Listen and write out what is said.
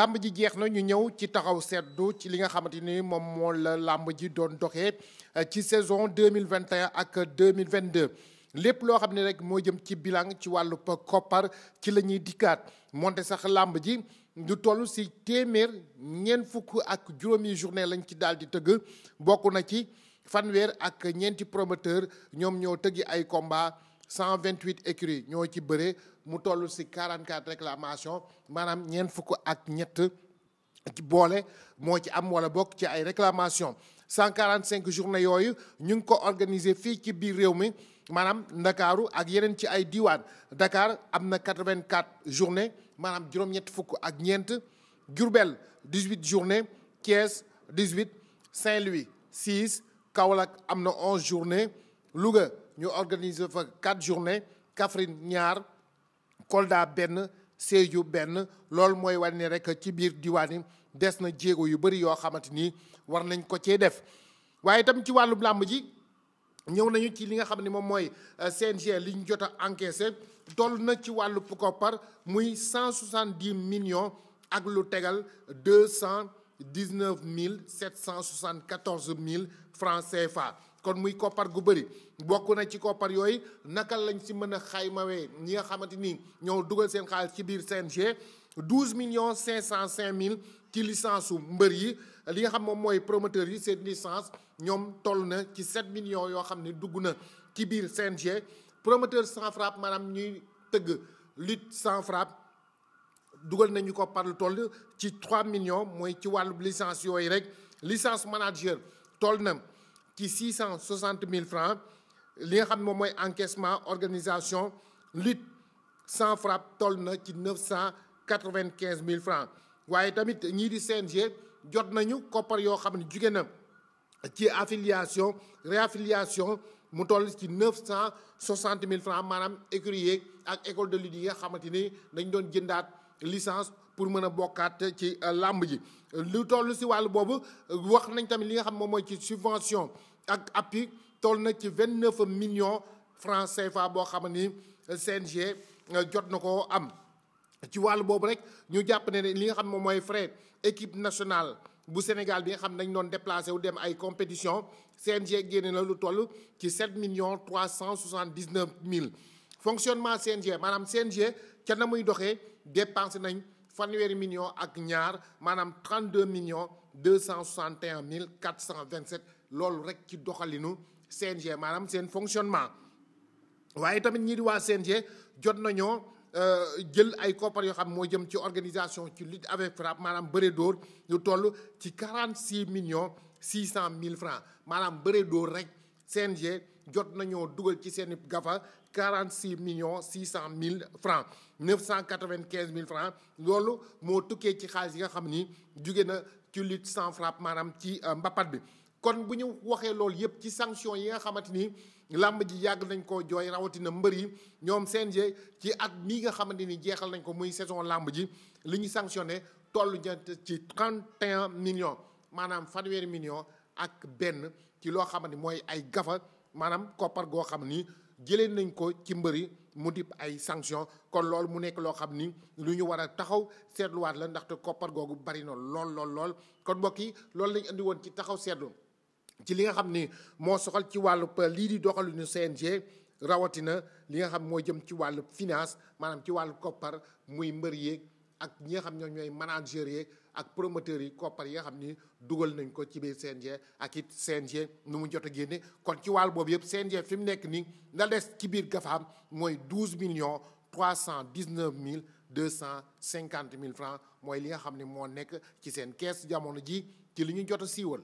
làmb ji jeex na ñu ñëw ci taxaw seetlu ci li nga xamante ni moom moo la làmb ji doon doxee euh, ci saison 2021 ak 2022 lépp loo xam ne rek moo jëm ci bilan ci wàllu koppar ci la ñuy dikkaat moonte sax làmb ji lu toll si téeméer ñeent fukk ak juróomi journée lañ ci daal di tëgg bokk na ci fanweer ak ñeenti promoteur ñoom ñoo tëggi ay combat cent vingt 128 écuries ñoo ci bëree mu toll si 44 réclamations maanaam ñeent fukk ak ñett ci boole moo ci am wala bokk ci ay cent réclamations 145 journée yooyu ñu ngi ko organiser fii ci biir réew mi maanaam ndakaaru ak yeneen ci ay diwaan ndakaar am na 84 journée maanaam juróom-ñett fukk ak ñeent Diourbel 18 journée Thiès 18 Saint-Louis 6 Kaolack am na 11 journée Louga ñu organiser fa quatre journées Kaffrine ñaar Kolda benn Sédhiou benn loolu mooy wane rek ci biir diwaan yi des na jéego yu bëri yoo xamante ni war nañ ko cee def waaye itam ci wàllu làmb ji ñëw nañu ci li nga xam ni moom mooy euh, CNG liñ ñu jot a encaissé toll na ci wàllu koppar muy cent soixante dix millions ak lu tegal deux cent dix neuf mille sept cent soixante quatorze mille francs CFA. kon muy koppar gu bëri bokk na ci koppar yooyu naka lañ si mën a xaymawee ñi nga xamante ni ñoo dugal seen xaalis ci biir CNG 12 millions 505 mille ci licence su mbër yi li nga xam moom mooy promoteur yi seen licence ñoom toll na ci 7 millions yoo xam ne dugg na ci biir CNG promoteur sans frappe maanaam ñuy tëgg lute sans frappe dugal nañu ko par lu toll ci 3 millions mooy ci wàllu licence yooyu rek licence manager toll na. ci six cent soixante mille francs li nga xam moom mooy encaissement organisation lutte sans toll na ci neuf cent quatre vingt quinze mille francs waaye tamit ñii di CNG jot nañu koppar yoo xam ne jugee na ci affiliation réaffiliation mu toll ci neuf cent soixante mille francs maanaam écurie ak école de lutte yi nga xamante ni dañ doon jëndaat. licence pour mën a bokkaat ci euh, làmb ji lu toll si wàll boobu wax nañ tamit li nga xam moom mooy ci subvention ak appi toll na ci vingt neuf million francs CFA boo xam ni euh, CNG euh, jot na ko am ci wàll boobu rek ñu jàpp ne li nga xam moom mooy frais équipe nationale bu Sénégal bi nga xam nañ doon déplacé wu dem ay compétition CNG génne na lu toll ci sept million trois cent soixante dix neuf mille fonctionnement CNG maanaam CNG ca na muy doxee dépensé nañ fanweeri million ak ñaar maanaam trent 32 millions 261 mille cent 427 loolu rek ci doxalinu CNG maanaam seen fonctionnement waaye tamit ñii di waa CNG jot nañoo euh, jël ay koppar yoo xam moo jëm ci organisation ci lutte avec frappe maanaam bëre dóor lu toll ci 46 millions cent mille francs maanaam bëre dóor rek CNG jot nañoo dugal ci seen gafa 46 millions cent mille francs 995 mille francs loolu moo tukkee ci xaalis yi nga xam ni jóge na ci lutte sans frappe maanaam ci euh, mbapat bi kon bu ñu waxee loolu yëpp ci sanction yi nga xamante ni làmb ji yàgg nañ ko jooy rawatina mbër yi ñoom CNG ci at mii nga xamante ni jeexal nañ ko muy saison làmb ji li ñu sanctionné toll jant ci 31 millions maanaam fanweeri millions ak benn ci loo xam ne mooy ay gafa maanaam koppar goo xam ni jëlee nañ ko ci mbëri mu dib ay sanction kon loolu mu nekk loo xam ni lu ñu war a taxaw seetluwaat la ndaxte koppar googu bari na lool lool lool kon mbokk yi loolu lañ indi woon ci taxaw seetlu ci li nga xam ni moo soxal ci wàllu euh, lii di doxalinu CNG rawatina li nga xam moo jëm ci wàllu finance maanaam ci wàllu koppar muy mbër yeeg ak ñi nga xam ñoom ñooy manager yi ak promoteurs yi koppar yi xam ni dugal nañ ko ci biir CNG ak it CNG nu mu jot a génne kon ci wàll boobu yëpp CNG fi mu nekk nii la des ci biir GAFAM mooy douze millions trois cent dix-neuf mille deux cent cinquante mille francs mooy li nga xam ne moo nekk ci seen kees jamono ji ci li ñu jot a siiwal